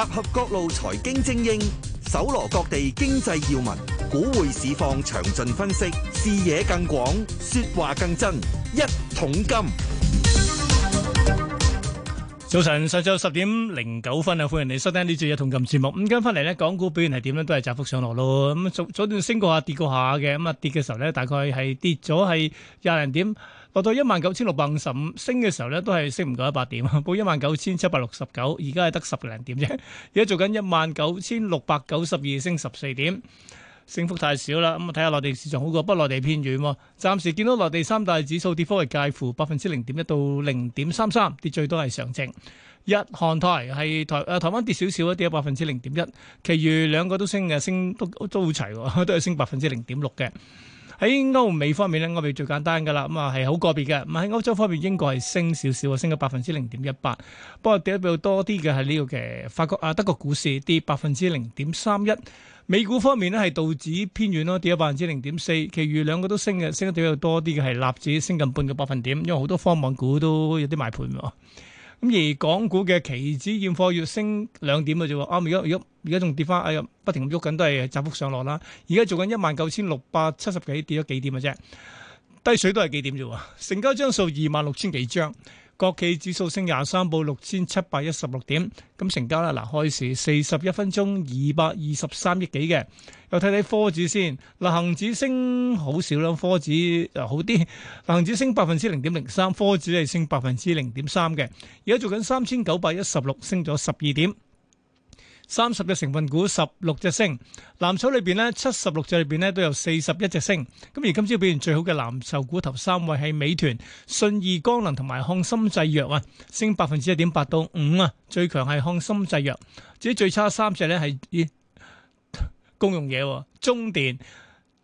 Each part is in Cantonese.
集合各路財經精英，搜羅各地經濟要聞，股匯市況詳盡分析，視野更廣，說話更真。一桶金，早晨，上晝十點零九分啊！歡迎你收聽呢節一桶金節目。咁跟翻嚟咧，港股表現係點咧？都係窄幅上落咯。咁早早段升過下，跌過下嘅。咁啊，跌嘅時候咧，大概係跌咗係廿零點，落到一萬九千六百五十五，升嘅時候咧都係升唔夠一百點，報一萬九千七百六十九，而家係得十零點啫。而家做緊一萬九千六百九十二，升十四點，升幅太少啦。咁啊睇下內地市場好過不內地偏遠喎。暫時見到內地三大指數跌幅係介乎百分之零點一到零點三三，跌最多係上證、日、韓、台，係台啊台灣跌少少一啲，跌咗百分之零點一，其餘兩個都升嘅，升都都好齊，都係升百分之零點六嘅。喺歐美方面咧，歐美最簡單㗎喇，咁啊係好個別嘅。咁喺歐洲方面，英國係升少少啊，升咗百分之零點一八。不過跌得比較多啲嘅係呢個嘅法國啊、德國股市跌百分之零點三一。美股方面咧係道指偏軟咯，跌咗百分之零點四。其餘兩個都升嘅，升得比較多啲嘅係納指升近半個百分點，因為好多科網股都有啲賣盤喎。咁而港股嘅期指貨要、哦、現貨月升兩點嘅啫喎，而家而家而家仲跌翻，哎呀，不停喐緊都係窄幅上落啦。而家做緊一萬九千六百七十幾，跌咗幾點嘅啫，低水都係幾點啫喎。成交張數二萬六千幾張，國企指數升廿三，報六千七百一十六點，咁成交啦，嗱，開市四十一分鐘二百二十三億幾嘅。又睇睇科指先，嗱，恒指升好少啦，科指又好啲。恒指升百分之零點零三，科指係升百分之零點三嘅。而家做緊三千九百一十六，升咗十二點，三十隻成分股，十六隻升。藍籌裏邊呢，七十六隻裏邊咧，都有四十一隻升。咁而今朝表現最好嘅藍籌股頭三位係美團、信義光能同埋翰森製藥啊，升百分之一點八到五啊，最強係翰森製藥。至於最差三隻呢係公用嘢，中電、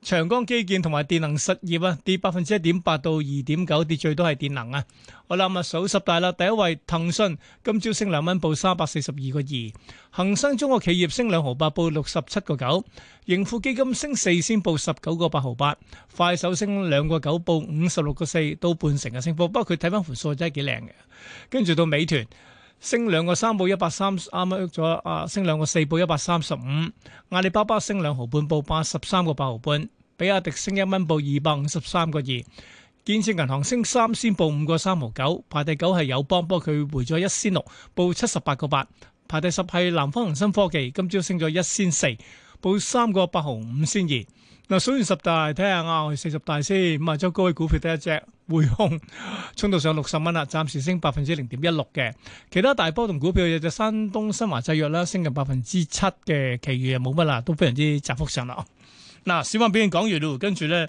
長江基建同埋電能實業啊，跌百分之一點八到二點九，跌最多係電能啊。我諗啊，數十大啦，第一位騰訊今朝升兩蚊，報三百四十二個二；恒生中國企業升兩毫八，報六十七個九；盈富基金升四先，報十九個八毫八；快手升兩個九，報五十六個四到半成嘅升幅。不過佢睇翻盤數真係幾靚嘅，跟住到美團。升兩個三報一百三，啱啱喐咗，啊升兩個四報一百三十五，阿里巴巴升兩毫半報八十三個八毫半，比亞迪升一蚊報二百五十三個二，建設銀行升三先報五個三毫九，排第九係友邦，不過佢回咗一先六，報七十八個八，排第十係南方恒生科技，今朝升咗一先四，報三個八毫五先二。嗱，數完十大，睇下啊，我哋四十大先，咪就高位股票得一隻匯控，衝到上六十蚊啦，暫時升百分之零點一六嘅，其他大波動股票有隻山東新華製藥啦，升近百分之七嘅，其餘又冇乜啦，都非常之窄幅上落。嗱、啊，小溫表演講完啦，跟住咧，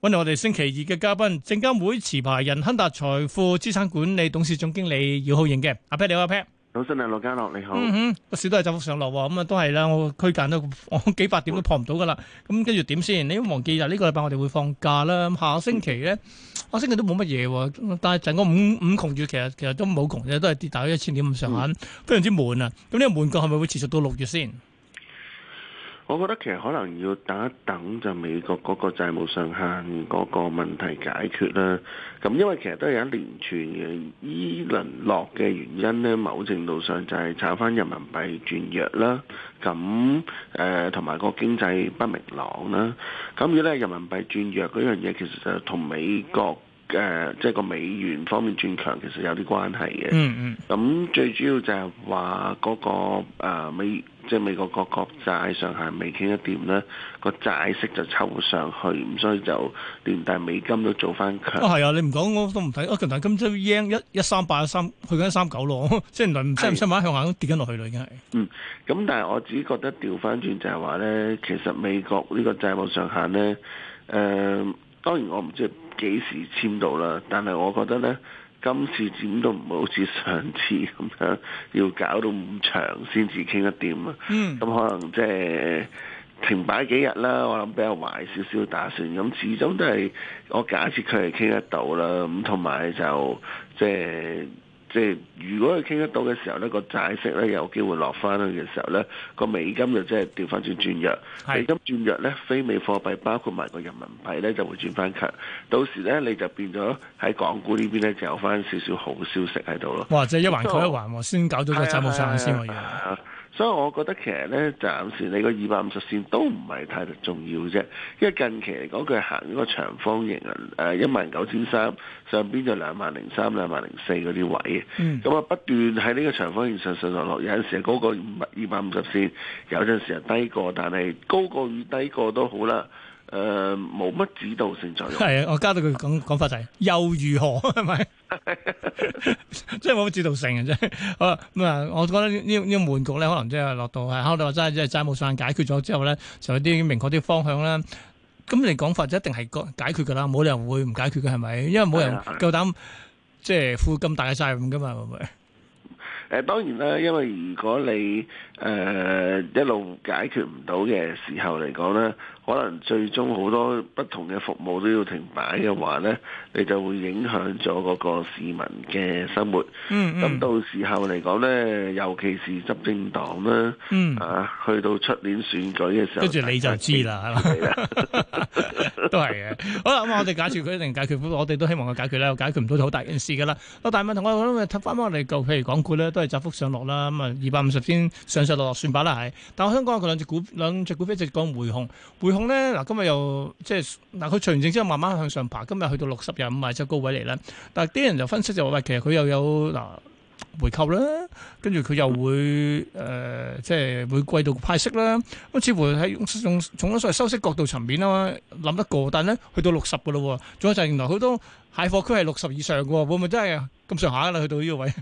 搵嚟我哋星期二嘅嘉賓，證監會持牌人亨達財富資產管理董事總經理姚浩盈嘅，阿 Pat 你好，阿 Pat。早晨啊，羅家樂你好。嗯哼，個、嗯、市都係走幅上落喎，咁、嗯、啊都係啦，我區間都我幾百點都破唔到噶啦。咁跟住點先？你都忘記啊？呢、呢個禮拜我哋會放假啦。下個星期咧，下星期，是下星期都冇乜嘢，但係整個五五窮月其實其實窮都冇窮嘅，都係跌到一千點咁上下，非常之悶啊！咁、嗯、呢、嗯、個悶局係咪會持續到六月先？我覺得其實可能要等一等，就美國嗰個債務上限嗰個問題解決啦。咁因為其實都係一連串嘅依輪落嘅原因呢，某程度上就係炒翻人民幣轉弱啦。咁誒同埋個經濟不明朗啦。咁如果咧人民幣轉弱嗰樣嘢，其實就同美國誒即係個美元方面轉強，其實有啲關係嘅。嗯嗯。咁最主要就係話嗰個、呃、美。即係美國個國債上限未傾得掂咧，個債息就湊上去，咁所以就連帶美金都做翻強。啊係啊，你唔講我都唔睇。啊，但係今朝 yen 一一三八一三，去緊三九咯，即係原來唔使唔使買向下都跌緊落去啦，已經係。嗯，咁但係我自己覺得調翻轉就係話咧，其實美國呢個債務上限咧，誒、呃、當然我唔知幾時簽到啦，但係我覺得咧。今次點都唔好似上次咁樣，要搞到五場先至傾得掂啊！咁可能即係停擺幾日啦，我諗比較壞少少打算。咁始終都係我假設佢係傾得到啦，咁同埋就即係。 即係如果佢傾得到嘅時候咧，個債息咧有機會落翻去嘅時候咧，個美金就即係調翻轉轉弱，是美金轉弱咧，非美貨幣包括埋個人民幣咧就會轉翻強，到時咧你就變咗喺港股呢邊咧就有翻少少好消息喺度咯。哇！即係一環扣一環喎，先搞到個債務上限先喎。所以我覺得其實咧，暫時你個二百五十線都唔係太重要啫，因為近期嚟講，佢行呢個長方形啊，誒一萬九千三上邊就兩萬零三、兩萬零四嗰啲位，咁啊不斷喺呢個長方形上上落落，有陣時高過二百五十線，有陣時又低過，但係高過與低過都好啦。誒，冇乜指導性作用。係啊，我加到佢講講法就係，又如何係咪？即係冇指導性嘅啫。啊，咁啊，我覺得呢呢呢悶局咧，可能即係落到係，可能話齋即係債務上解決咗之後咧，就有啲明確啲方向啦。咁你講法就一定係解解決噶啦，冇理由會唔解決嘅係咪？因為冇人夠膽即係負咁大嘅債務噶嘛，係咪？誒，當然啦，因為如果你誒、呃，一路解決唔到嘅時候嚟講咧，可能最終好多不同嘅服務都要停擺嘅話咧，你就會影響咗嗰個市民嘅生活。咁、嗯嗯、到時候嚟講咧，尤其是執政黨啦，啊，去到出年選舉嘅時候，跟住、嗯、你就知啦，係嘛？都係嘅。好啦，咁、嗯、我哋解決佢一定解決， 我哋都希望佢解決啦。解決唔到就好大件事㗎啦。啊，大問題我諗翻、嗯、我哋個，譬如港股咧都係窄幅上落啦。咁啊，二百五十天上。就落算罷啦，係。但係我想講下佢兩隻股，兩隻股票一直講匯控，匯控咧嗱，今日又即係嗱，佢除完淨之後慢慢向上爬，今日去到六十廿五，即、就、出、是、高位嚟咧。但係啲人就分析就話喂、欸，其實佢又有嗱回購啦，跟住佢又會誒、呃，即係會每季度派息啦。咁似乎喺從從所謂嚟收息角度層面啊，諗得過。但係咧，去到六十噶咯，仲有就係原來好多蟹貨區係六十以上噶，會唔會真係咁上下啦？去到呢個位？誒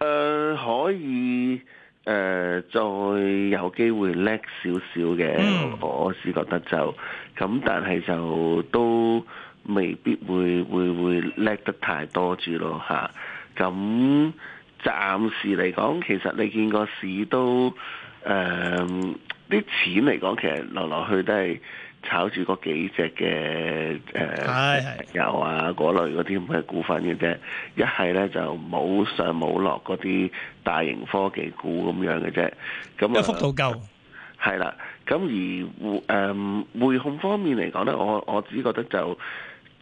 ，uh, 可以。誒、呃，再有機會叻少少嘅，我是覺得就咁，但係就都未必會會會叻得太多住咯嚇。咁、啊、暫、啊、時嚟講，其實你見個市都誒啲錢嚟講，呃、其實來落去都係。炒住嗰幾隻嘅誒油啊嗰類嗰啲咁嘅股份嘅啫，一係咧就冇上冇落嗰啲大型科技股咁樣嘅啫，咁幅度夠係、嗯、啦。咁而匯誒、呃、控方面嚟講咧，我我自己覺得就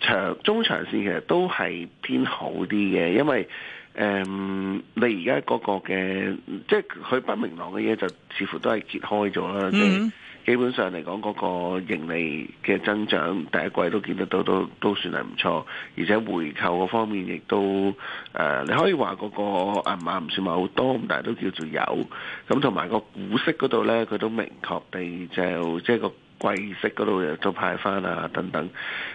長中長線其實都係偏好啲嘅，因為誒、呃、你而家嗰個嘅即係佢不明朗嘅嘢就似乎都係揭開咗啦。嗯嗯基本上嚟講，嗰個盈利嘅增長第一季都見得到，都都算係唔錯。而且回購個方面亦都，誒，你可以話嗰個銀碼唔算話好多，但係都叫做有。咁同埋個股息嗰度咧，佢都明確地就即係個。貴息嗰度又都派翻啊，等等。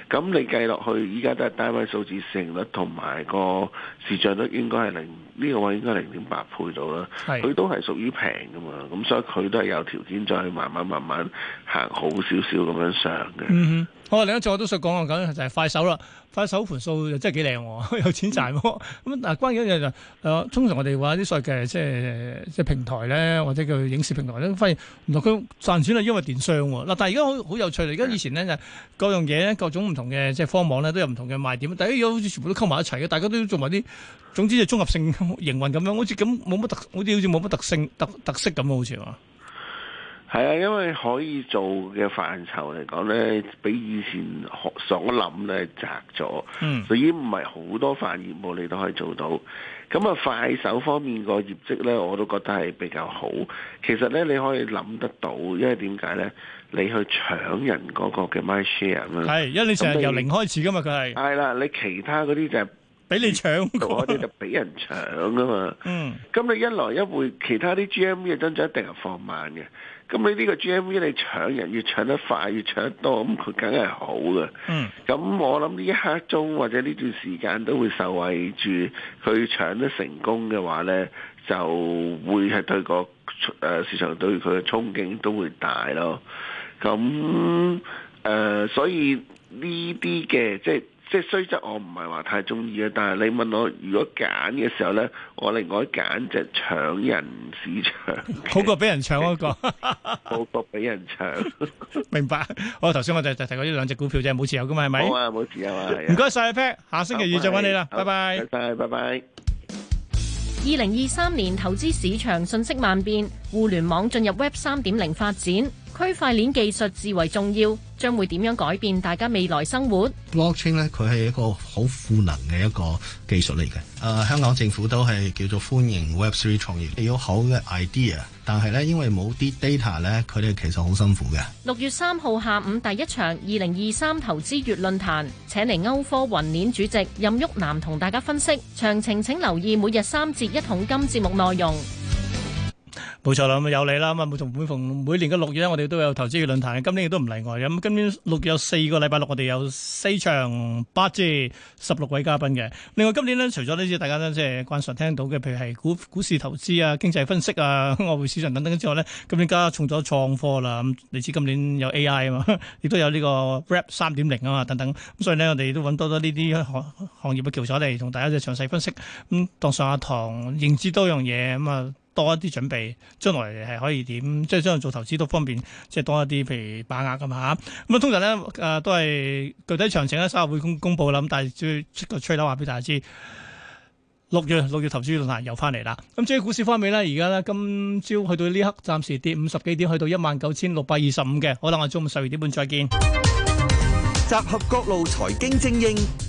咁你計落去，依家都係單位數字市盈率同埋個市賬率應該係零，呢、這個位應該零點八倍到啦。佢是都係屬於平嘅嘛，咁所以佢都係有條件再慢慢慢慢行好少少咁樣上嘅。嗯哼，好啊，另一隻我都想講嘅咁就係、是、快手啦。但手盤數又真係幾靚喎， 有錢賺賜喎。咁 嗱、啊，關鍵一樣就誒，通常我哋話啲所謂嘅即係即係平台咧，或者叫影視平台咧，發現原來佢賺錢係因為電商喎。嗱、啊，但係而家好好有趣，而家以前呢，就各樣嘢各種唔同嘅即係科網咧都有唔同嘅賣點。但係而家好似全部都溝埋一齊嘅，大家都做埋啲總之就綜合性營運咁樣，樣，好似咁冇乜特，好似好似冇乜特性特特色咁好似係啊，因為可以做嘅範疇嚟講咧，比以前學所諗咧窄咗，嗯、所以唔係好多範業務你都可以做到。咁啊，快手方面個業績咧，我都覺得係比較好。其實咧，你可以諗得到，因為點解咧？你去搶人嗰個嘅 my share 啦，係，因為你成日由零開始噶嘛，佢係。係啦，你其他嗰啲就係、是。俾你搶，我哋就俾人搶啊嘛。咁 你一來一回，其他啲 G M V 嘅增長一定係放慢嘅。咁你呢個 G M V 你搶人，越搶得快，越搶得多，咁佢梗係好嘅。咁、嗯、我諗呢一刻鐘或者呢段時間都會受惠住，佢搶得成功嘅話咧，就會係對個誒、呃、市場對佢嘅憧憬都會大咯。咁誒、呃，所以呢啲嘅即係。即係雖則，我唔係話太中意啊！但係你問我如果揀嘅時候咧，我另外揀隻搶人市場，好過俾人搶嗰個，好過俾人搶。明白。好，頭先我就就提過呢兩隻股票啫，冇持有噶嘛，係咪？冇啊，冇持有啊。唔該晒，阿 Pat，下星期二再揾你啦，拜拜。唔該晒，拜拜。二零二三年投資市場信息萬變，互聯網進入 Web 三點零發展，區塊鏈技術至為重要，將會點樣改變大家未來生活？Blockchain 咧，佢係一個好賦能嘅一個技術嚟嘅。誒、呃，香港政府都係叫做歡迎 Web Three 創業，有好嘅 idea。但係咧，因為冇啲 data 咧，佢哋其實好辛苦嘅。六月三號下午第一場二零二三投資月論壇，請嚟歐科雲鏈主席任旭南同大家分析。詳情請留意每日三節一桶金節目內容。冇錯啦，咁啊有你啦，咁啊每逢每逢每年嘅六月咧，我哋都有投資嘅論壇，今年亦都唔例外。咁今年六月有四個禮拜六，我哋有四場，八至十六位嘉賓嘅。另外今年咧，除咗呢啲大家咧即係慣常聽到嘅，譬如係股股市投資啊、經濟分析啊、外匯市場等等之外咧，咁今年加重咗創科啦，咁你知今年有 AI 啊嘛，亦都有呢個 Wrap 三點零啊嘛，等等。咁所以咧，我哋都揾多多呢啲行行業嘅翹楚嚟同大家就詳細分析，咁當上下堂認知多樣嘢咁啊。多一啲準備，將來係可以點？即係將來做投資都方便，即係多一啲譬如把握㗎嘛嚇。咁啊，通常咧誒都係具體詳情咧，三日會公公佈啦。咁但係最出個吹樓話俾大家知，六月六月投資論壇又翻嚟啦。咁至於股市方面咧，而家咧今朝去到呢刻，暫時跌五十幾點，去到一萬九千六百二十五嘅。好啦，我中午十二點半再見。集合各路財經精英。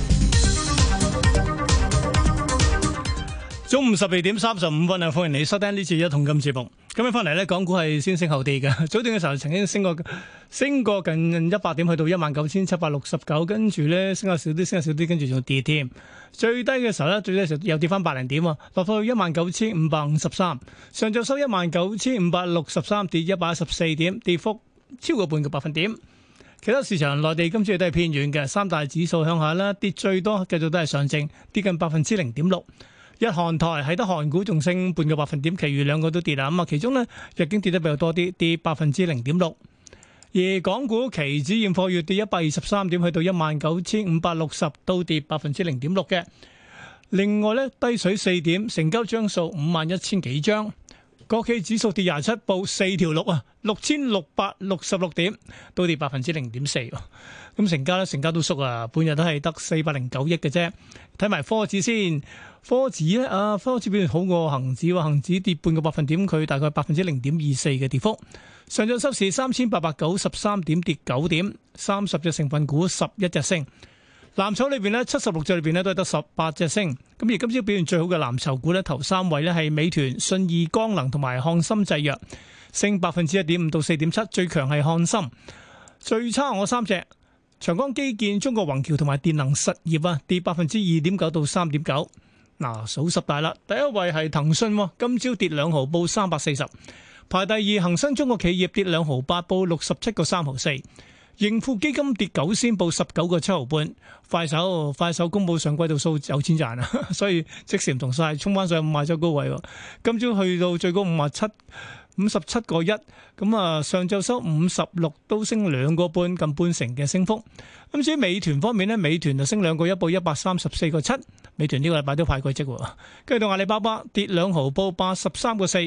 中午十二點三十五分啊，歡迎你收聽呢次一桶金節目。今日翻嚟咧，港股係先升後跌嘅。早段嘅時候曾經升過，升過近一百點，去到一萬九千七百六十九，跟住咧升下少啲，升下少啲，跟住仲跌添。最低嘅時候咧，最低嘅時候又跌翻百零點啊，落到一萬九千五百五十三。上晝收一萬九千五百六十三，跌一百一十四點，跌幅超過半個百分點。其他市場內地今次都係偏遠嘅，三大指數向下啦，跌最多，繼續都係上證跌近百分之零點六。日韓台係得韓股仲升半個百分點，其餘兩個都跌啦。咁啊，其中呢日經跌得比較多啲，跌百分之零點六。而港股期指現貨月跌一百二十三點，去到一萬九千五百六十，都跌百分之零點六嘅。另外呢低水四點，成交張數五萬一千幾張。國企指數跌廿七步四條六啊，六千六百六十六點，都跌百分之零點四。咁成交咧，成交都縮啊，半日都係得四百零九億嘅啫。睇埋科指先，科指咧啊，科指表現好過恒指喎，恆指跌半個百分點，佢大概百分之零點二四嘅跌幅。上晝收市三千八百九十三點，跌九點，三十隻成分股十一隻升。藍籌裏邊呢，七十六隻裏邊呢都係得十八隻升。咁而今朝表現最好嘅藍籌股呢，頭三位呢係美團、信義光能同埋漢森製藥，升百分之一點五到四點七，最強係漢森，最差我三隻。長江基建、中國宏橋同埋電能實業啊，跌百分之二點九到三點九。嗱，數十大啦，第一位係騰訊，今朝跌兩毫，報三百四十。排第二，恒生中國企業跌兩毫八，8, 報六十七個三毫四。盈富基金跌九仙，報十九個七毫半。快手，快手公布上季度數有錢賺啊， 所以即時唔同晒，沖翻上五賣咗高位喎。今朝去到最高五百七。五十七個一，咁啊上晝收五十六，都升兩個半，近半成嘅升幅。咁至於美團方面咧，美團就升兩個一，報一百三十四個七。美團呢個禮拜都派季績喎。跟住到阿里巴巴跌兩毫，報八十三個四。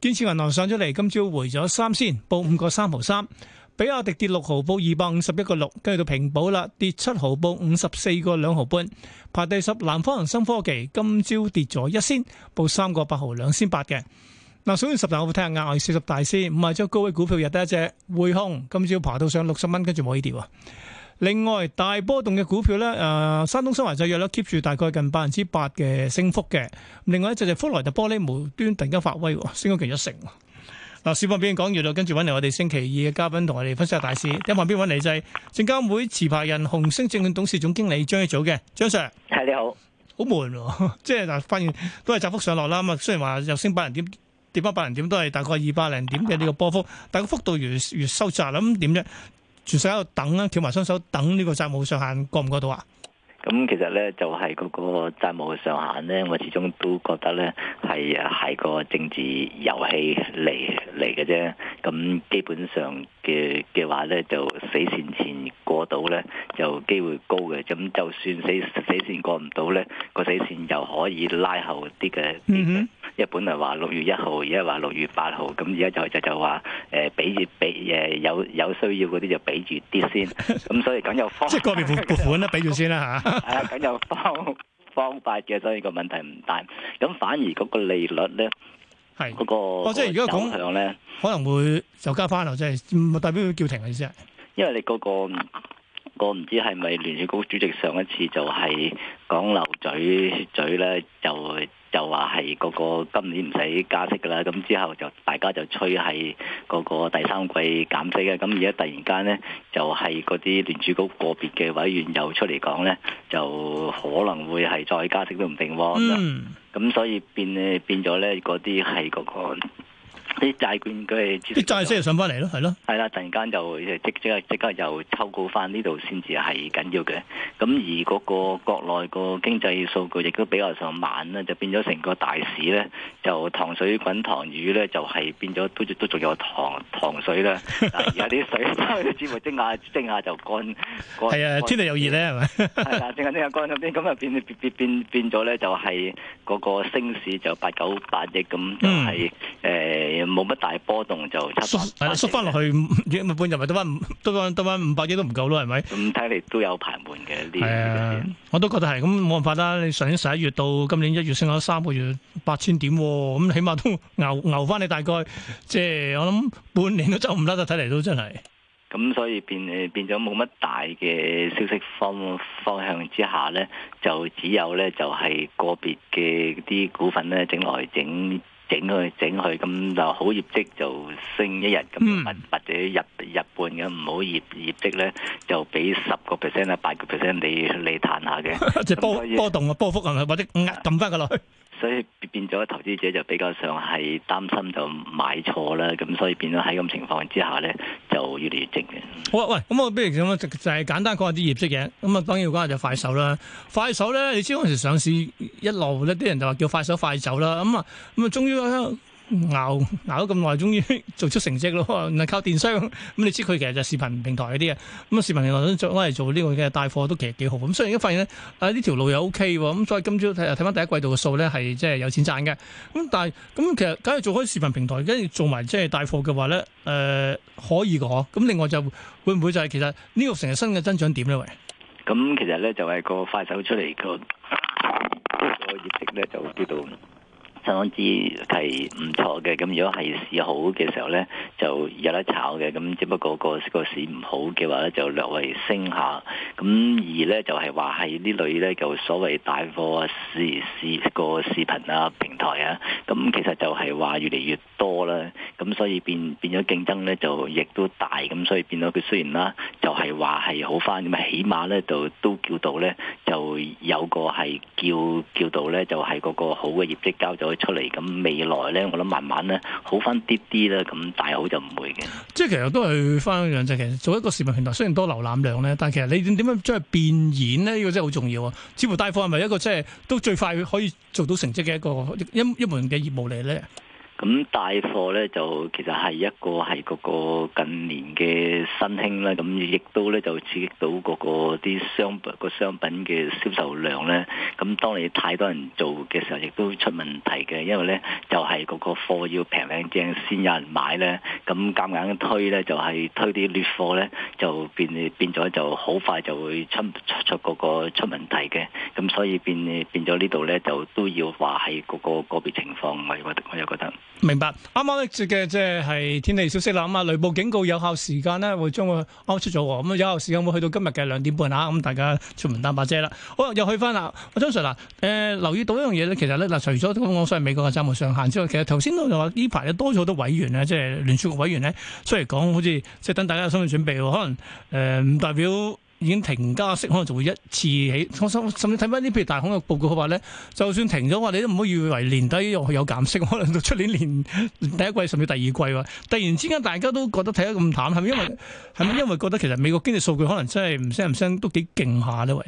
建設銀行上咗嚟，今朝回咗三仙，報五個三毫三。比亞迪跌六毫，報二百五十一個六。跟住到平保啦，跌七毫，報五十四個兩毫半。排第十南方恒生科技，今朝跌咗一仙，報三個八毫兩仙八嘅。嗱，上完十大，我哋睇下額外四十大先。五日之內高位股票入得一隻匯控，今朝爬到上六十蚊，跟住冇呢跌啊！另外大波動嘅股票咧，誒、呃，山東新華製藥咧 keep 住大概近百分之八嘅升幅嘅。另外一隻就係福萊特玻璃，無端突然間發威，升咗近一成。嗱、嗯，小方邊度講完啦，跟住揾嚟我哋星期二嘅嘉賓同我哋分析下大市。喺旁邊嚟？就係，證監會持牌人、紅星證券董事總經理張一祖嘅張 Sir。係，你好，好悶、啊，即係嗱，發現都係窄幅上落啦。咁啊，雖然話有升百人點。跌八百零點都係大概二百零點嘅呢、啊、個波幅，但個幅度越越收窄，咁點啫？住世喺度等啦，翹埋雙手等呢個債務上限過唔過到啊？咁其實咧就係嗰個債務上限咧，我始終都覺得咧係係個政治遊戲嚟嚟嘅啫。咁基本上嘅嘅話咧，就死線前過到咧就機會高嘅。咁就算死死線過唔到咧，個死線又可以拉後啲嘅。嗯哼。一本嚟話六月一號，而家話六月八號，咁而家就就就話誒，俾住俾誒有有需要嗰啲就俾住啲先，咁 所以梗有方即係嗰邊撥撥款啦，俾住先啦吓。係啊，咁梗有方法嘅，所以個問題唔大。咁反而嗰個利率咧係是、那個。即係、哦、如果咁樣咧，可能會就加翻咯，即、就、係、是、代表佢叫停嘅意思。因為你嗰、那個。我唔知係咪聯儲局主席上一次就係講漏嘴嘴咧，就就話係嗰個今年唔使加息㗎喇，咁之後就大家就吹係嗰個第三季減息嘅，咁而家突然間咧就係嗰啲聯儲局個別嘅委員又出嚟講咧，就可能會係再加息都唔定喎，咁所以變咧變咗咧嗰啲係嗰個。啲 債券佢啲債息又上翻嚟咯，係咯，係啦，突然間就即即即刻又抽高翻呢度先至係緊要嘅。咁而嗰個國內個經濟數據亦都比較上慢啦，就變咗成個大市咧，就糖水滾糖魚咧，就係變咗都都仲有糖糖水啦。而家啲水蒸氣蒸下蒸下就乾、是，係啊，天氣又熱咧，係咪？係啦，蒸下蒸下乾咗啲，咁啊變變變變咗咧，就係嗰個升市就八九八億咁，就係、是、誒。 嗯冇乜大波動就縮，縮翻落去，一半入咪得翻，得翻得翻五百億都唔夠咯，係咪？咁睇嚟都有排緩嘅啲。係啊，我都覺得係。咁冇辦法啦。你上年十一月到今年一月升咗三個月八千點，咁起碼都牛牛翻你大概，即係我諗半年都走唔甩。睇嚟都真係。咁所以變誒變咗冇乜大嘅消息方方向之下咧，就只有咧就係個別嘅啲股份咧整落去整。整佢整佢，咁就好業績就升一日咁，或者入入半嘅，唔好業業績咧就俾十個 percent 啊八個 percent 你嚟彈下嘅，即係波波動啊波幅啊，或者壓撳翻佢落去。所以變咗投資者就比較上係擔心就買錯啦，咁所以變咗喺咁情況之下咧、啊，就越嚟越靜嘅。喂喂，咁我不如想咧就就係簡單講下啲業績嘅。咁啊當然講下就快手啦，嗯、快手咧，你知嗰陣時上市一路咧，啲人就話叫快手快走啦，咁啊咁啊終於熬熬咗咁耐，終於做出成績咯。唔係靠電商咁，你知佢其實就係視頻平台嗰啲嘅。咁視頻平台都做攞嚟做呢個嘅帶貨都其實幾好。咁雖然而家發現咧，啊呢條路又 OK 喎。咁所以今朝睇睇翻第一季度嘅數咧，係即係有錢賺嘅。咁但係咁其實假如做開視頻平台，跟住做埋即係帶貨嘅話咧，誒、呃、可以嘅嗬。咁另外就會唔會就係其實呢個成日新嘅增長點咧？喂，咁其實咧就係個快手出嚟個個業績咧就跌到，相當之係唔錯嘅，咁如果係市好嘅時候咧，就有得炒嘅。咁只不過個個市唔好嘅話咧，就略為升下。咁而咧就係話係呢類咧，就所謂大貨啊，視視個視頻啊平台啊。咁其實就係話越嚟越多啦。咁所以變變咗競爭咧，就亦都大。咁所以變咗佢雖然啦，就係話係好翻咁，起碼咧就都叫到咧，就有個係叫叫到咧，就係、是、嗰個好嘅業績交咗.出嚟，咁未來咧，我諗慢慢咧好翻啲啲啦，咁大好就唔會嘅。即係其實都係翻一樣啫。其實做一個視頻平台，雖然多瀏覽量咧，但係其實你點樣將佢變現咧，呢個真係好重要啊。直播帶貨係咪一個即係都最快可以做到成績嘅一個一一門嘅業務嚟咧？咁帶貨咧就其實係一個係嗰個近年嘅新興啦，咁亦都咧就刺激到嗰個啲商個商品嘅銷售量咧。咁當你太多人做嘅時候，亦都出問題嘅，因為咧就係、是、嗰個貨要平靚正先有人買咧。咁夾硬，硬推咧就係、是、推啲劣貨咧，就變變咗就好快就會出出出嗰個出問題嘅。咁所以變變咗呢度咧，就都要話係嗰個個別情況。我我我又覺得。明白，啱啱咧嘅即係天氣消息啦，咁啊雷暴警告有效時間咧會將佢啱出咗，咁有效時間會去到今日嘅兩點半啊，咁大家出門擔把遮啦。好，又去翻啦，阿張 Sir 啦、呃，誒留意到一樣嘢咧，其實咧嗱，除咗香港、所係美國嘅債務上限之外，其實頭先都話呢排咧多咗好多委員咧，即係聯儲局委員咧，雖然講好似即係等大家有心理準備，可能誒唔、呃、代表。已經停加息，可能就會一次起。我甚至睇翻啲譬如大行嘅報告嘅話咧，就算停咗，我哋都唔好以為年底又有減息，可能到出年年第一季甚至第二季喎。突然之間大家都覺得睇得咁淡，係咪因為係咪因為覺得其實美國經濟數據可能真係唔聲唔聲都幾勁下呢？喂。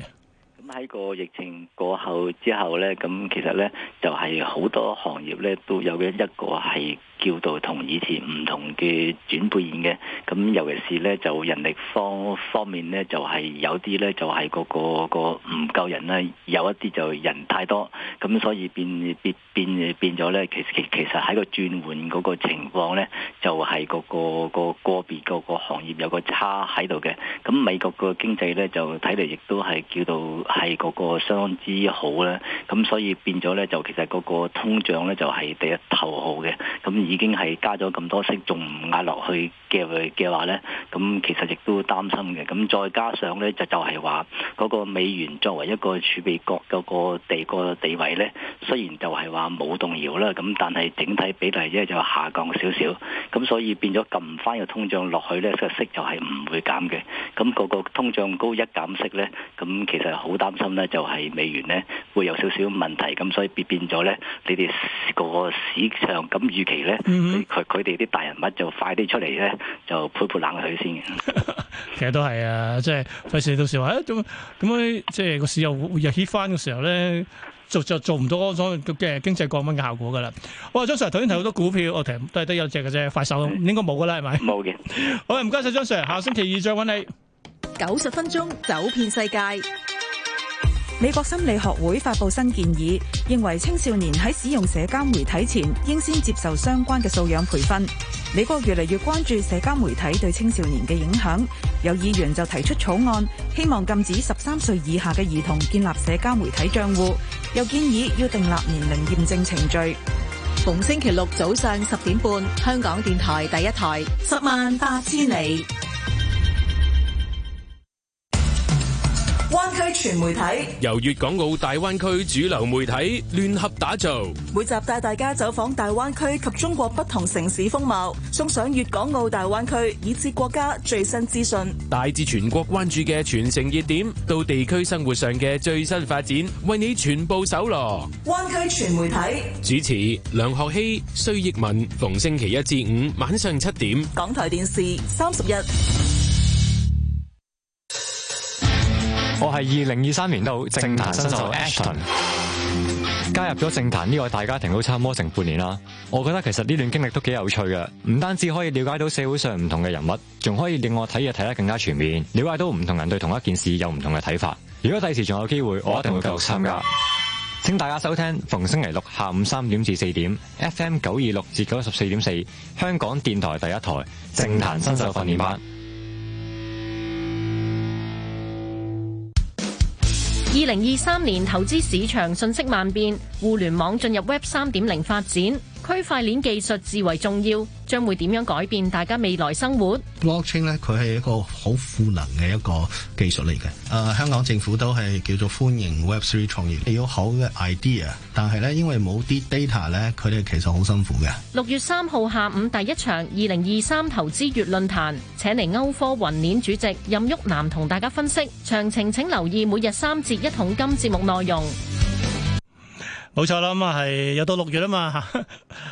咁喺個疫情過後之後咧，咁其實咧就係好多行業咧都有嘅一個係叫做同以前唔同嘅轉變嘅。咁尤其是咧就人力方方面咧就係有啲咧就係嗰個個唔夠人啦，有一啲就人太多，咁所以變變變變咗咧。其實其實喺個轉換嗰個情況咧，就係嗰個個個別各個行業有個差喺度嘅。咁美國個經濟咧就睇嚟亦都係叫到。係嗰個相當之好咧，咁所以變咗咧就其實嗰個通脹咧就係第一頭號嘅，咁已經係加咗咁多息，仲唔壓落去嘅嘅話咧，咁其實亦都擔心嘅。咁再加上咧就就係話嗰個美元作為一個儲備國嗰個地個地位咧，雖然就係話冇動搖啦，咁但係整體比例咧就下降少少。咁所以變咗撳唔返個通脹落去咧，息就係唔會減嘅。咁嗰個通脹高一減息咧，咁其實好。擔心咧就係美元咧會有少少問題，咁所以變變咗咧，你哋個市場咁預期咧，佢佢哋啲大人物就快啲出嚟咧，就潑潑冷水先。其實都係啊，即係費事到時話啊，咁咁啊，即係個市又又起翻嘅時候咧，就就做唔到嗰種嘅經濟降温嘅效果噶啦。哇，張 Sir 頭先睇好多股票，我睇都係得有隻嘅啫，快手應該冇噶啦，係咪？冇嘅。好啊，唔該晒張 Sir，下星期二再揾你。九十分鐘走遍世界。美國心理學會發布新建議，認為青少年喺使用社交媒體前，應先接受相關嘅素養培訓。美國越嚟越關注社交媒體對青少年嘅影響，有議員就提出草案，希望禁止十三歲以下嘅兒童建立社交媒體賬戶，又建議要訂立年齡驗證程序。逢星期六早上十點半，香港電台第一台，十萬八千里。灣區全媒體由粵港澳大灣區主流媒體聯合打造，每集帶大家走訪大灣區及中國不同城市風貌，送上粵港澳大灣區以至國家最新資訊，大至全國關注嘅全城熱點，到地區生活上嘅最新發展，為你全部搜羅。灣區全媒體主持梁學希、崔益文，逢星期一至五晚上七點，港台電視三十一。我係二零二三年度政壇新秀，新秀 Ashton 加入咗政壇呢個大家庭都差唔多成半年啦。我覺得其實呢段經歷都幾有趣嘅，唔單止可以了解到社會上唔同嘅人物，仲可以令我睇嘢睇得更加全面，了解到唔同人對同一件事有唔同嘅睇法。如果第時仲有機會，我一定會繼續參加。參加請大家收聽，逢星期六下午三點至四點，FM 九二六至九十四點四，香港電台第一台政壇新秀訓練班。二零二三年，投資市場信息萬變，互聯網進入 Web 三點零發展。區塊鏈技術至為重要，將會點樣改變大家未來生活？Blockchain 咧，佢係一個好賦能嘅一個技術嚟嘅。誒、呃，香港政府都係叫做歡迎 Web Three 創業，有好嘅 idea，但係呢，因為冇啲 data 咧，佢哋其實好辛苦嘅。六月三號下午第一場二零二三投資月論壇，請嚟歐科雲鏈主席任旭南同大家分析。詳情請留意每日三節一桶金節目內容。冇錯啦，咁啊係又到六月啊嘛，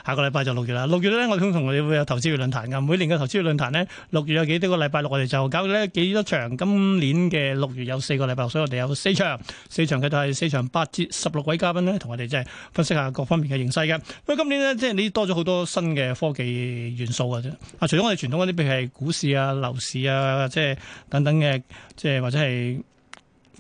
下個禮拜就六月啦。六月咧，我哋通常會有投資嘅論壇㗎。每年嘅投資嘅論壇咧，六月有幾多個禮拜六，我哋就搞咧幾多場。今年嘅六月有四個禮拜，所以我哋有四場。四場嘅就係四場八至十六位嘉賓咧，同我哋即係分析下各方面嘅形勢嘅。因為今年咧，即係你多咗好多新嘅科技元素㗎啫。啊，除咗我哋傳統嗰啲，譬如係股市啊、樓市啊，即係等等嘅，即係或者係。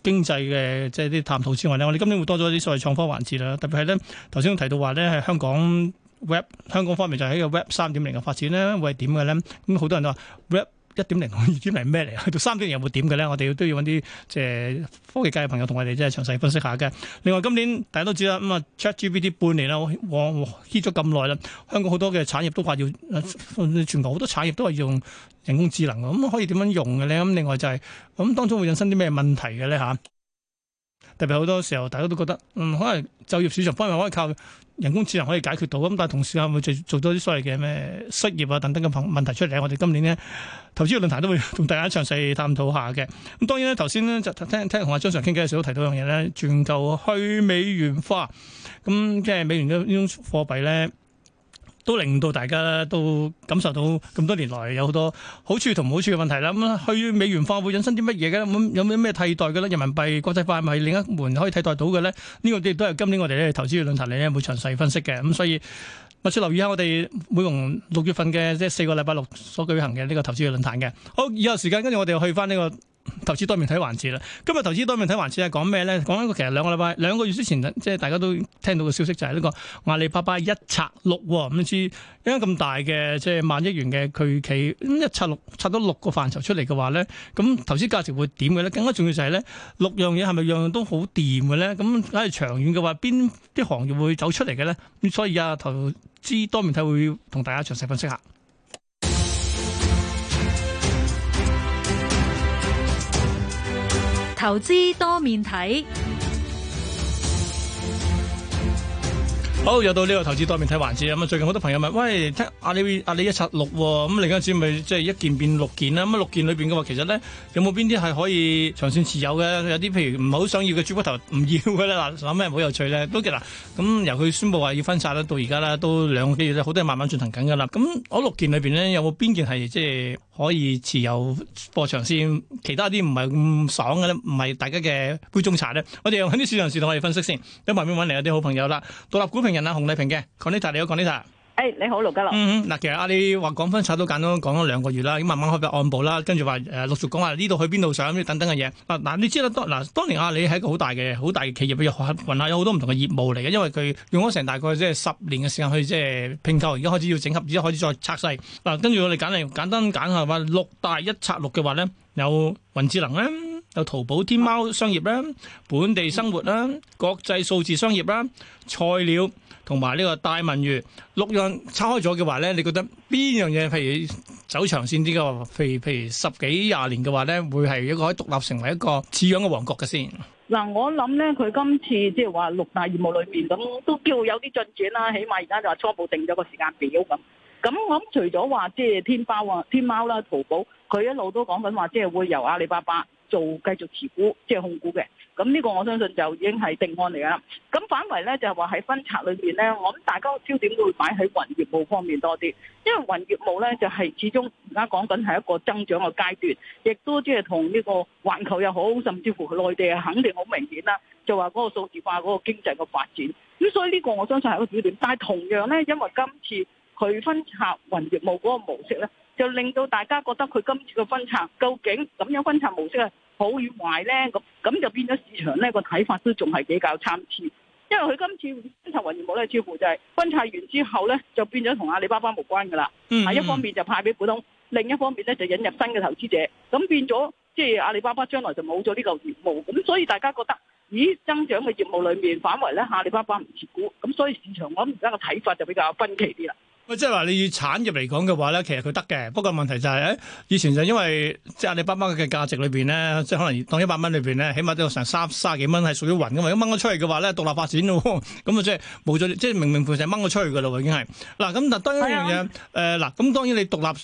經濟嘅即係啲探討之外咧，我哋今年會多咗啲所謂創科環節啦。特別係咧，頭先提到話咧，係香港 Web 香港方面就喺個 Web 三點零嘅發展咧，會係點嘅咧？咁好多人都話 Web 一點零同二點零咩嚟啊？到三點又會點嘅咧？我哋都要揾啲即係科技界嘅朋友同我哋即係詳細分析下嘅。另外今年大家都知啦，咁啊 ChatGPT 半年啦，往 heat 咗咁耐啦，香港好多嘅產業都話要，全球好多產業都係用人工智能嘅，咁可以點樣用嘅咧？咁另外就係、是、咁當中會引申啲咩問題嘅咧嚇？特別好多時候，大家都覺得，嗯，可能就業市場方面可以靠人工智能可以解決到，咁但係同時啊，會就做多啲所謂嘅咩失業啊等等嘅問題出嚟，我哋今年咧投資嘅論壇都會同大家詳細探討下嘅。咁當然咧，頭先咧就聽聽同阿張常傾偈嘅時候，都提到一樣嘢咧，全球去美元化，咁即係美元嘅呢種貨幣咧。都令到大家都感受到咁多年來有好多好處同唔好處嘅問題啦。咁去美元化會引申啲乜嘢嘅？咁有啲咩替代嘅咧？人民幣國際化係咪另一門可以替代到嘅咧？呢個亦都係今年我哋咧投資嘅論壇咧會詳細分析嘅。咁所以密切留意下我哋每逢六月份嘅即係四個禮拜六所舉行嘅呢個投資嘅論壇嘅。好，以後時間跟住我哋去翻呢個。投資多面睇環節啦，今日投資多面睇環節係講咩咧？講一個其實兩個禮拜，兩個月之前，即係大家都聽到嘅消息就，這個，就係呢個阿里巴巴一拆六，唔知因為咁大嘅即係萬億元嘅巨企，一拆六拆到六個範疇出嚟嘅話咧，咁投資價值會點嘅咧？更加重要就係咧，六樣嘢係咪樣樣都好掂嘅咧？咁睇長遠嘅話，邊啲行業會走出嚟嘅咧？咁所以啊，投資多面睇會同大家詳細分析下。投資多面睇。好、oh, 又到呢個投資多面睇環節咁啊！最近好多朋友問，喂，聽阿里阿里一拆六喎、哦，咁你家先咪即係一件變六件啦？咁六件裏邊嘅話，其實呢有冇邊啲係可以長線持有嘅？有啲譬如唔係好想要嘅豬骨頭唔要嘅啦嗱，諗咩好有趣呢？都見嗱，咁、嗯、由佢宣布話要分拆啦，到而家呢都兩個幾月，好多嘢慢慢進行緊噶啦。咁、嗯、我六件裏邊呢，有冇邊件係即係可以持有播長線？其他啲唔係咁爽嘅呢？唔係大家嘅杯中茶呢？我哋用啲市場人士同我哋分析先，咁旁邊揾嚟有啲好朋友啦，獨立股評人啦，洪麗萍嘅，Conita，你好，Conita。誒，你好，盧家樂。嗯嗯，嗱，其實阿里話講分拆都簡單，講咗兩個月啦，咁慢慢開始按部啦，跟住話誒陸續講話呢度去邊度上等等嘅嘢。啊，嗱，你知道當嗱當年阿里係一個好大嘅好大嘅企業嘅雲下有好多唔同嘅業務嚟嘅，因為佢用咗成大概即係十年嘅時間去即係併購，而家開始要整合，而家開始再拆細。嗱，跟住我哋揀嚟簡單揀下話六大一拆六嘅話咧，有雲智能咧，有淘寶、天貓商業啦，本地生活啦，國際數字商業啦，菜鳥同埋呢個大文娛六樣拆開咗嘅話咧，你覺得邊樣嘢，譬如走長線啲嘅？譬如譬如十幾廿年嘅話咧，會係一個可以獨立成為一個似樣嘅王國嘅先嗱，嗯？我諗咧，佢今次即係話六大業務裏邊咁都叫有啲進展啦，起碼而家就話初步定咗個時間表咁。咁我諗除咗話即係天貓啊，天貓啦，淘寶佢一路都講緊話，即係會由阿里巴巴。做繼續持股即係控股嘅，咁呢個我相信就已經係定案嚟噶啦。咁反為咧就係話喺分拆裏邊咧，我諗大家焦點都會擺喺雲業務方面多啲，因為雲業務咧就係始終而家講緊係一個增長嘅階段，亦都即係同呢個環球又好，甚至乎內地啊，肯定好明顯啦，就話嗰個數字化嗰個經濟嘅發展。咁所以呢個我相信係個焦點，但係同樣咧，因為今次佢分拆雲業務嗰個模式咧。就令到大家覺得佢今次嘅分拆，究竟咁樣分拆模式係好與壞咧？咁咁就變咗市場咧個睇法都仲係比較參差，因為佢今次分拆雲業務咧，似乎，就係分拆完之後咧，就變咗同阿里巴巴冇關噶啦。嗯，嗯，嗯，一方面就派俾股東，另一方面咧就引入新嘅投資者，咁變咗即係阿里巴巴將來就冇咗呢個業務。咁所以大家覺得咦，增長嘅業務裡面反為咧，阿里巴巴唔持股，咁所以市場我諗而家嘅睇法就比較分歧啲啦。喂，即係話你以產業嚟講嘅話咧，其實佢得嘅，不過問題就係，誒，以前就因為即係阿里巴巴嘅價值裏邊咧，即係可能當一百蚊裏邊咧，起碼都有成三十幾蚊係屬於雲噶嘛，如果掹咗出去嘅話咧，獨立發展咯，咁啊即係冇咗，即係明明乎就掹咗出去噶咯，已經係，嗱咁嗱，當然一樣嘢，誒、哎呀，嗱、呃，咁當然你獨立。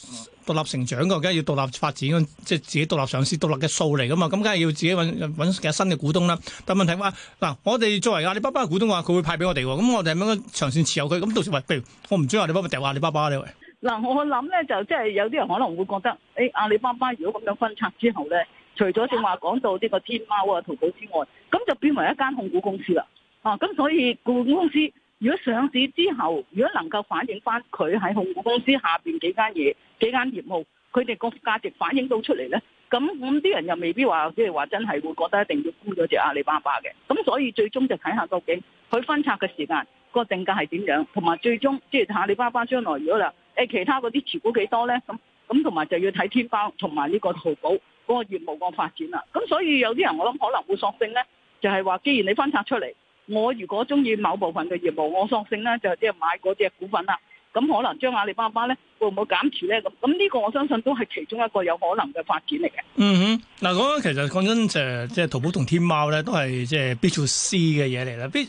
獨立成長嘅，梗係要獨立發展，即係自己獨立上市、獨立嘅數嚟噶嘛。咁梗係要自己揾揾其新嘅股東啦。但問題話嗱，我哋作為阿里巴巴嘅股東話，佢會派俾我哋喎。咁我哋咁樣長線持有佢，咁到時話，譬如我唔追阿，阿里巴巴，掉阿里巴巴咧。嗱，我諗咧就即、是、係有啲人可能會覺得，誒、欸、阿里巴巴如果咁樣分拆之後咧，除咗正話講到呢個天貓啊、淘寶之外，咁就變為一間控股公司啦。啊，咁所以控股，股公司如果上市之後，如果能夠反映翻佢喺控股公司下邊幾間嘢。幾間業務，佢哋個價值反映到出嚟呢。咁咁啲人又未必話，即係話真係會覺得一定要沽咗隻阿里巴巴嘅，咁所以最終就睇下究竟佢分拆嘅時間、個定價係點樣，同埋最終即係阿里巴巴將來如果啦，誒、欸、其他嗰啲持股幾多呢？咁咁同埋就要睇天貓同埋呢個淘寶嗰、個業務個發展啦，咁所以有啲人我諗可能會索性呢，就係、是、話既然你分拆出嚟，我如果中意某部分嘅業務，我索性呢，就即、是、係買嗰隻股份啦，咁可能將阿里巴巴呢。會唔會減持咧？咁咁呢個我相信都係其中一個有可能嘅發展嚟嘅。嗯哼，嗱，講其實講真，即係即係淘寶同天貓咧，都係即係 B to C 嘅嘢嚟啦。B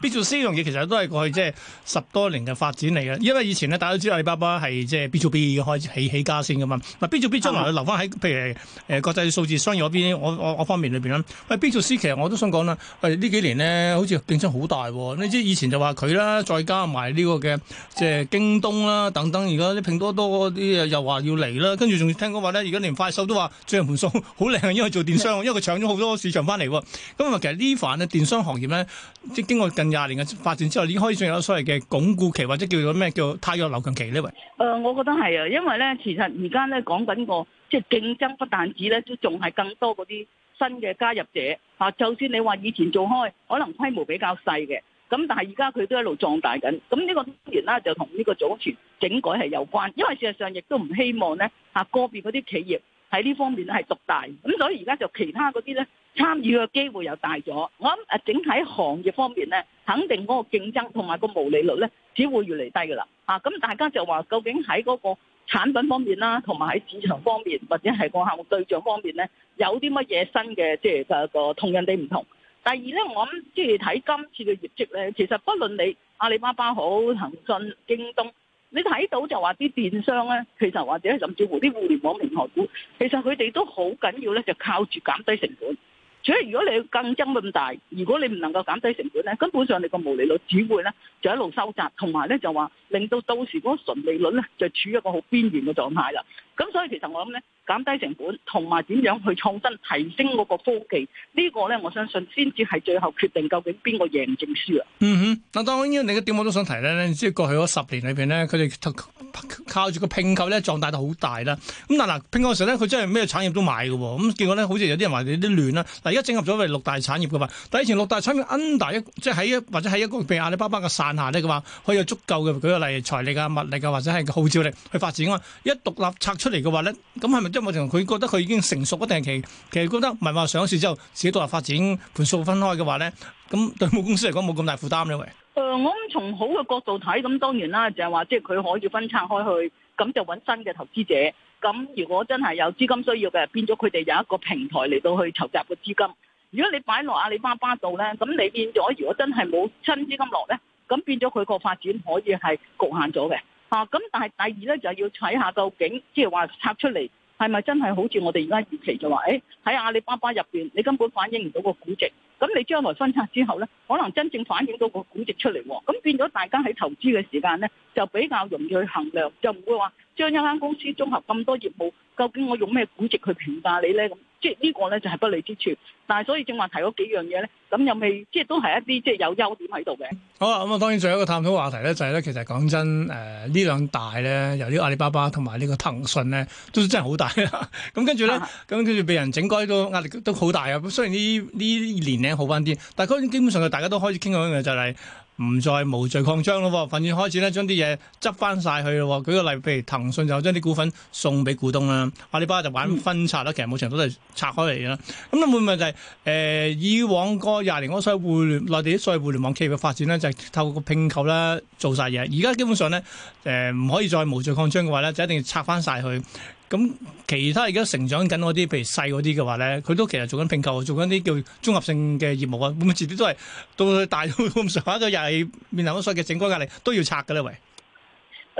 B to C 呢樣嘢其實都係過去即係十多年嘅發展嚟嘅。因為以前咧，大家都知道阿里巴巴係即係 B to B 嘅開始起起家先嘅嘛。嗱，B to B 將來留翻喺譬如誒國際數字商業嗰邊，我我我方面裏邊啦。喂，B to C 其實我都想講啦。喂，呢幾年咧，好似競爭好大。你知以前就話佢啦，再加埋呢個嘅即係京東啦等等，而家。拼多多啲又話要嚟啦，跟住仲聽講話咧，而家連快手都話最近盤數好靚，因為做電商，因為佢搶咗好多市場翻嚟。咁啊，其實呢份咧，電商行業咧，即經過近廿年嘅發展之後，已經開始有所謂嘅鞏固期，或者叫做咩叫做汰弱留強期呢位。誒、呃，我覺得係啊，因為咧，其實而家咧講緊個即競爭不但止咧，都仲係更多嗰啲新嘅加入者吓。就算你話以前做開，可能規模比較細嘅。咁但係而家佢都一路壯大緊，咁呢個資源啦就同呢個組團整改係有關，因為事實上亦都唔希望咧嚇個別嗰啲企業喺呢方面咧係獨大，咁所以而家就其他嗰啲咧參與嘅機會又大咗。我諗誒整體行業方面咧，肯定嗰個競爭同埋個毛利率咧，只會越嚟低噶啦嚇。咁、啊、大家就話究竟喺嗰個產品方面啦，同埋喺市場方面或者係個客戶對象方面咧，有啲乜嘢新嘅即係個個同人哋唔同？第二呢，我諗即係睇今次嘅業績呢。其實不論你阿里巴巴好、騰訊、京東，你睇到就話啲電商呢，其實或者甚至乎啲互聯網平台股，其實佢哋都好緊要呢，就靠住減低成本。所以如果你競爭咁大，如果你唔能夠減低成本呢，根本上你個毛利率只會呢，就一路收窄，同埋呢，就話令到到時嗰個純利率呢，就處於一個好邊緣嘅狀態啦。咁所以其實我諗咧，減低成本同埋點樣去創新、提升嗰個科技，這個、呢個咧我相信先至係最後決定究竟邊個贏定輸啊！嗯哼，嗱，當然你嘅點我都想提咧，即係過去十年裏邊咧，佢哋靠住個併購咧，壯大到好大啦。咁嗱嗱，併購時咧，佢真係咩產業都買嘅喎。咁結果咧，好似有啲人話你啲亂啦。嗱，而家整合咗為六大產業嘅話。但以前六大產業 under 一，即係喺或者喺一個被阿里巴巴嘅傘下咧，佢話可以有足夠嘅舉例如財力啊、物力啊，或者係號召力去發展啊。一獨立拆出出嚟嘅話咧，咁係咪因為佢覺得佢已經成熟一定期，其實覺得唔係話上市之後自己獨立發展盤數分開嘅話咧，咁對母公司嚟講冇咁大負擔因喂，誒、呃，我咁從好嘅角度睇，咁當然啦，就係話即係佢可以分拆開去，咁就搵新嘅投資者。咁如果真係有資金需要嘅，變咗佢哋有一個平台嚟到去籌集個資金。如果你擺落阿里巴巴度咧，咁你變咗如果真係冇親資金落咧，咁變咗佢個發展可以係局限咗嘅。啊，咁但係第二咧，就係要睇下究竟，即係話拆出嚟係咪真係好似我哋而家預期就話，誒、欸、喺阿里巴巴入邊，你根本反映唔到個估值，咁你將來分拆之後咧，可能真正反映到個估值出嚟，咁變咗大家喺投資嘅時間咧，就比較容易去衡量，就唔會話將一間公司綜合咁多業務，究竟我用咩估值去評價你咧咁。即係呢個咧就係不利之處，但係所以正話提過幾樣嘢咧，咁又未即係都係一啲即係有優點喺度嘅。好啦，咁、嗯、啊當然仲有一個探討話題咧、就是，就係咧其實講真誒呢、呃、兩大咧，由於阿里巴巴同埋呢個騰訊咧，都真係好大、 嗯。咁跟住咧，咁跟住被人整改都壓力都好大啊。咁雖然呢呢年靚好翻啲，但係佢基本上大家都開始傾緊一就係、是。唔再無序擴張咯，反而開始咧將啲嘢執翻晒去咯。舉個例，譬如騰訊就將啲股份送俾股東啦，阿里巴巴就玩分拆咯。嗯、其實冇場都係拆開嚟嘅啦。咁佢會唔會，就係。誒、呃，以往個廿年嗰所謂互聯內地啲所謂互聯網企業嘅發展咧，就係、透過拼購啦做晒嘢。而家基本上咧，誒、呃、唔可以再無序擴張嘅話咧，就一定要拆翻晒去。咁其他而家成長緊嗰啲，譬如細嗰啲嘅話咧，佢都其實做緊拼購，做緊啲叫綜合性嘅業務啊，咁自遲都係到大到咁上下，就又係面臨所有嘅整改壓力，都要拆嘅咧，喂。誒、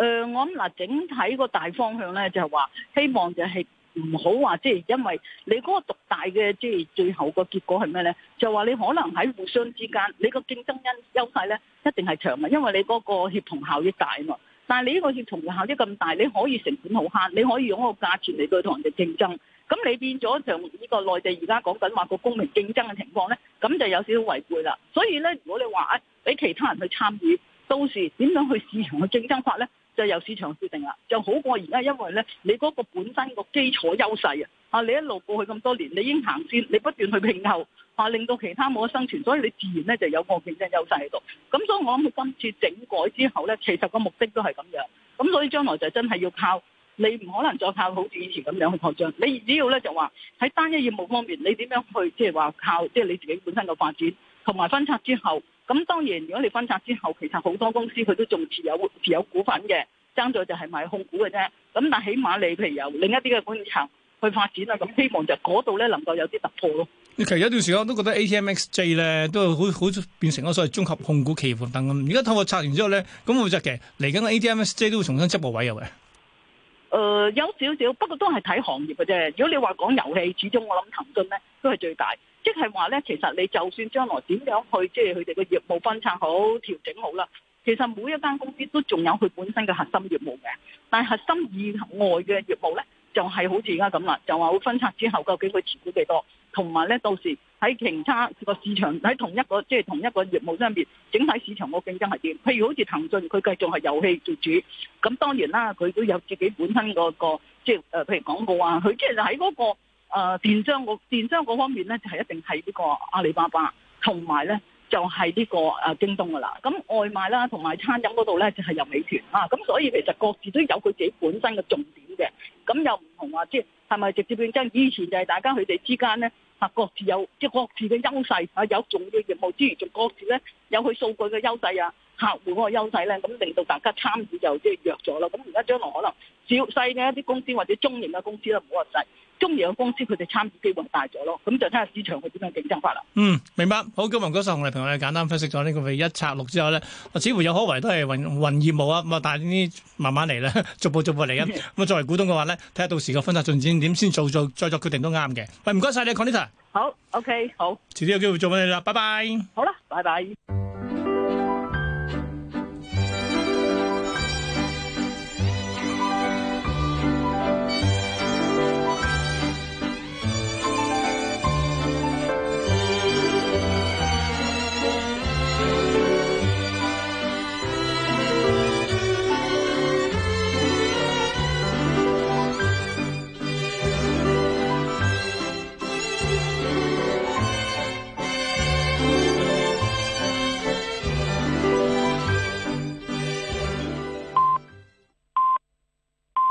呃，我諗嗱，整體個大方向咧，就係、是、話希望就係唔好話，即、就、係、是、因為你嗰個獨大嘅，即、就、係、是、最後個結果係咩咧？就話、是、你可能喺互相之間，你個競爭因優勢咧，一定係長嘅，因為你嗰個協同效益大啊嘛。但係你呢個協同嘅效益咁大，你可以成本好慳，你可以用個價錢嚟到同人哋競爭，咁你變咗就呢個內地而家講緊話個公平競爭嘅情況咧，咁就有少少違背啦。所以咧，如果你話誒，俾其他人去參與，到時點樣去市場嘅競爭法咧，就由市場決定啦，就好過而家，因為咧你嗰個本身個基礎優勢啊。啊！你一路過去咁多年，你應行先，你不斷去拼湊，啊，令到其他冇得生存，所以你自然咧就有個競爭優勢喺度。咁所以我諗，今次整改之後咧，其實個目的都係咁樣。咁所以將來就真係要靠你，唔可能再靠好似以前咁樣去擴張。你只要咧就話喺單一業務方面，你點樣去即係話靠，即係你自己本身嘅發展同埋分拆之後。咁當然，如果你分拆之後，其實好多公司佢都仲持有持有股份嘅，爭在就係賣控股嘅啫。咁但起碼你譬如有另一啲嘅管理層。去發展啦，咁希望就嗰度咧能夠有啲突破咯。其實有段時間我都覺得 ATMXJ 咧都好好變成咗所謂綜合控股企業活動咁。而家透過拆完之後咧，咁冇執嘅，嚟緊嘅 ATMXJ 都會重新執個位嘅。誒、呃，有少少，不過都係睇行業嘅啫。如果你話講遊戲，始終我諗騰訊咧都係最大。即係話咧，其實你就算將來點樣去，即係佢哋嘅業務分拆好、調整好啦，其實每一間公司都仲有佢本身嘅核心業務嘅。但係核心以外嘅業務咧？就係好似而家咁啦，就話會分拆之後，究竟佢持股幾多？同埋咧，到時喺其他個市場喺同一個即係、就是、同一個業務上面，整體市場個競爭係點？譬如好似騰訊，佢繼續係遊戲做主，咁當然啦，佢都有自己本身嗰、那個即係誒，譬如廣告啊，佢即係喺嗰個誒電商個電商方面咧，就係、是、一定係呢個阿里巴巴，同埋咧就係、是、呢個誒京東噶啦。咁外賣啦，同埋餐飲嗰度咧，就係由美團啊。咁所以其實各自都有佢自己本身嘅重點。嘅，咁又唔同話，即係咪直接競爭？以前就係大家佢哋之間咧，啊，各自有即係各自嘅優勢，啊，有重要業務之餘，仲各自咧有佢數據嘅優勢啊，客戶嗰個優勢咧，咁令到大家參與就即係弱咗咯。咁而家將來可能小細嘅一啲公司或者中型嘅公司都唔好話制。 中型公司佢哋參與機會大咗咯，咁就睇下市場佢點樣競爭法啦。嗯，明白。好，今日唔該曬，我哋同你簡單分析咗呢個一拆六之後咧，似乎有可為都係運運業務啊。咁啊，但係呢慢慢嚟啦，逐步逐步嚟啊。咁啊，作為股東嘅話咧，睇下到時嘅分拆進展點先做，再做再作決定都啱嘅。喂、哎，唔該晒你，Conny。好，OK，好。遲啲有機會做翻你啦，拜拜。好啦，拜拜。